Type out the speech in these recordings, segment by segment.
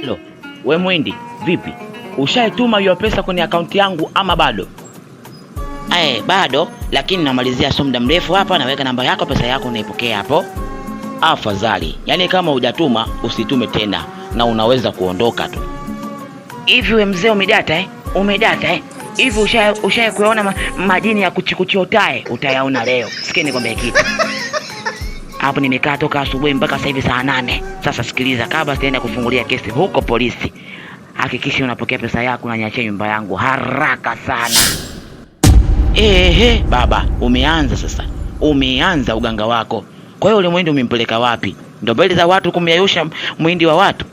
Halo, we Mwindi, vipi? Ushaituma hiyo pesa kwenye akaunti yangu ama bado? Eh, bado, lakini namalizia sio muda mrefu hapa, naweka namba yako, pesa yako unaipokea hapo. Afadhali, yaani kama hujatuma usitume tena na unaweza kuondoka tu. Hivi we mzee umedata eh? Umedata eh? Hivi ushaye ushaye kuona ma, majini ya kuchikuchiotae utayaona leo. Sikia nikwambie kitu. hapo nimekaa toka asubuhi mpaka sasa hivi saa nane. Sasa sikiliza, kabla sienda kufungulia kesi huko polisi, hakikisha unapokea pesa yako na niachie nyumba yangu haraka sana. Ehe, baba, umeanza sasa, umeanza uganga wako. Kwa hiyo ule mwindi umempeleka wapi? Ndio mbele za watu kumyayusha mwindi wa watu?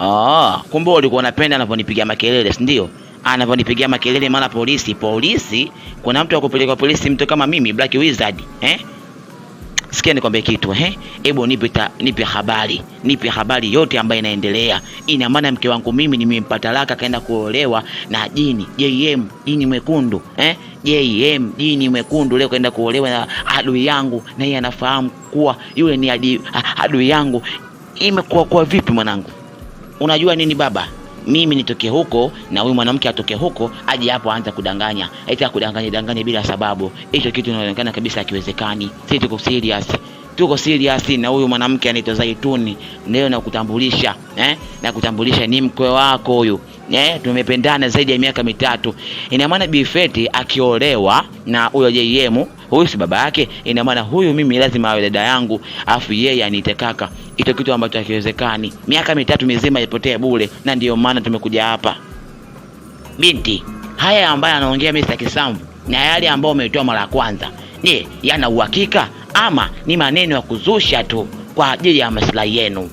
Ah, kumbe ulikuwa unapenda anavyonipigia makelele, si ndio? Anavyonipigia makelele maana polisi, polisi. Kuna mtu wa kupeleka polisi, mtu kama mimi Black Wizard, eh? Sikia nikwambie kitu eh, hebu nipe nipe habari, nipe habari yote ambayo inaendelea. Ina maana mke wangu mimi nimempata laka, kaenda kuolewa na jini JM, jini mwekundu eh, JM, jini mwekundu leo kaenda kuolewa na adui yangu, na yeye anafahamu kuwa yule ni adui yangu. Imekuwa kwa vipi mwanangu? Unajua nini baba? mimi nitoke huko na huyu mwanamke atoke huko, aje hapo aanza kudanganya, aita kudanganya danganya bila sababu. Hicho kitu inaonekana kabisa hakiwezekani. Sisi tuko serious tuko serious na huyu mwanamke anaitwa Zaituni, leo nakutambulisha eh, nakutambulisha ni mkwe wako huyu eh, tumependana zaidi ya miaka mitatu. Ina maana Bifeti akiolewa na huyo JM huyu si baba yake, ina maana huyu mimi lazima awe dada yangu, afu yeye aniite kaka. Hicho kitu ambacho hakiwezekani. Miaka mitatu mizima ipotee bure, na ndiyo maana tumekuja hapa. Binti, haya ambayo anaongea Mr. Kisamvu na yale ambayo umeitoa mara ya kwanza, je, yana uhakika ama ni maneno ya kuzusha tu kwa ajili ya maslahi yenu?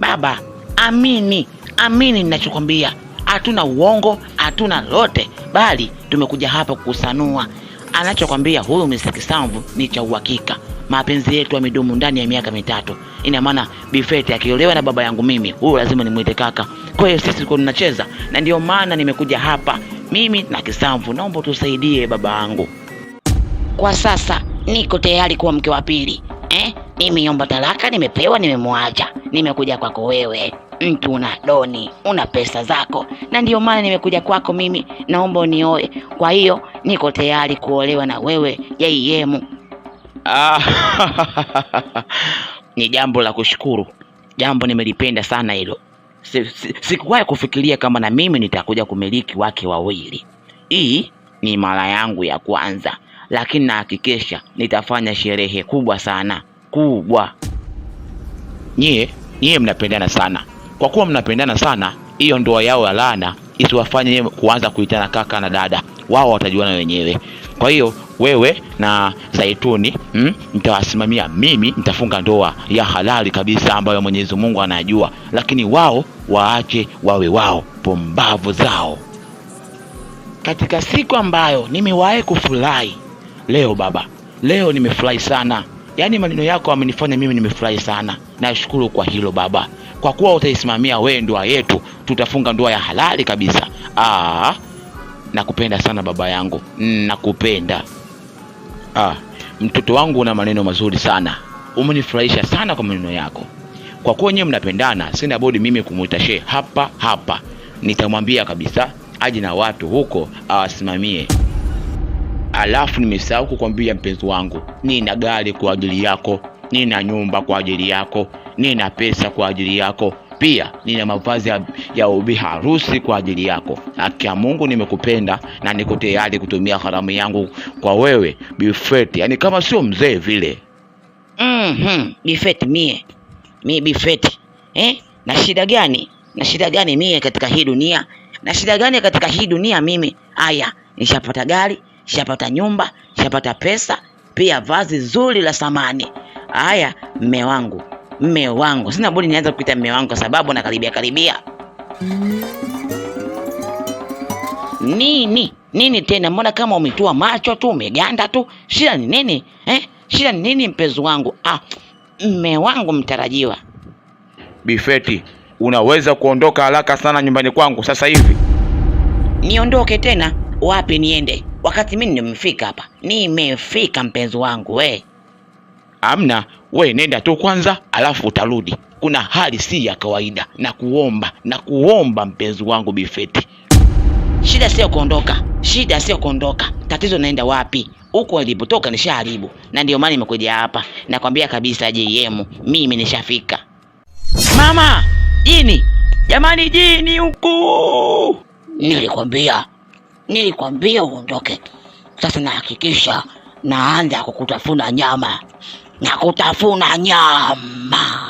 Baba, amini amini ninachokwambia, hatuna uongo, hatuna lote, bali tumekuja hapa kukusanua Anachokwambia huyu Mr. Kisamvu ni cha uhakika. Mapenzi yetu yamedumu ndani ya miaka mitatu. Ina maana Bifeti akiolewa na baba yangu mimi, huyu lazima nimwite kaka. Kwa hiyo sisi tuko tunacheza, na ndio maana nimekuja hapa mimi na Kisamvu, naomba tusaidie baba yangu. Kwa sasa niko tayari kuwa mke wa pili eh? Mimi omba talaka nimepewa, nimemwacha, nimekuja kwako wewe mtu una doni, una pesa zako, na ndiyo maana nimekuja kwako mimi, naomba unioe. Kwa hiyo niko tayari kuolewa na wewe JM. Ah, ni jambo la kushukuru, jambo nimelipenda sana hilo. Sikuwahi kufikiria kama na mimi nitakuja kumiliki wake wawili. Hii ni mara yangu ya kwanza, lakini nahakikisha nitafanya sherehe kubwa sana kubwa. Nyie nyie mnapendana sana. Kwa kuwa mnapendana sana, hiyo ndoa yao ya laana isiwafanye kuanza kuitana kaka na dada, wao watajuana wenyewe. Kwa hiyo wewe na Zaituni mm, nitawasimamia mimi, nitafunga ndoa ya halali kabisa ambayo Mwenyezi Mungu anajua, lakini wao waache wawe wao pombavu zao. Katika siku ambayo nimewahi kufurahi leo, baba, leo nimefurahi sana. Yaani maneno yako amenifanya mimi nimefurahi sana. Nashukuru kwa hilo baba kwa kuwa utaisimamia wewe ndoa yetu, tutafunga ndoa ya halali kabisa. Aa, ah, nakupenda sana baba yangu, nakupenda. Aa, ah, mtoto wangu una maneno mazuri sana, umenifurahisha sana kwa maneno yako. Kwa kuwa nyewe mnapendana, sina bodi mimi kumuita shehe hapa hapa. Nitamwambia kabisa aje na watu huko awasimamie. Alafu nimesahau kukwambia mpenzi wangu, nina gari kwa ajili yako, nina nyumba kwa ajili yako, nina pesa kwa ajili yako, pia nina mavazi ya, ya ubi harusi kwa ajili yako. Haki ya Mungu, nimekupenda na niko tayari kutumia haramu yangu kwa wewe Bifeti, yaani kama sio mzee vile. mm -hmm. Bifeti mie mi Bifeti eh? na shida gani? na shida gani mie katika hii dunia? na shida gani katika hii dunia mimi? Aya, nishapata gari, nishapata nyumba, nishapata pesa, pia vazi zuri la samani. Aya, mme wangu mme wangu. Sina budi nianza kuita mme wangu kwa sababu nakaribia karibia nini nini tena? Mbona kama umetua macho tu, umeganda tu, shida ni nini eh? Shida ni nini mpenzi wangu? Ah, mme wangu mtarajiwa. Bifeti, unaweza kuondoka haraka sana nyumbani kwangu sasa hivi. Niondoke tena wapi? Niende wakati mimi nimefika hapa, nimefika mpenzi wangu we amna, we nenda tu kwanza, alafu utarudi. Kuna hali si ya kawaida, na kuomba na kuomba, mpenzi wangu Bifeti, shida sio kuondoka, shida sio kuondoka, tatizo naenda wapi? Huko alipotoka nishaharibu, na ndio maana nimekuja hapa. Nakwambia kabisa JM, mimi nishafika. Mama jini, jamani, jini huku! Nilikwambia, nilikwambia uondoke. Sasa nahakikisha naanza kukutafuna nyama na kutafuna nyama.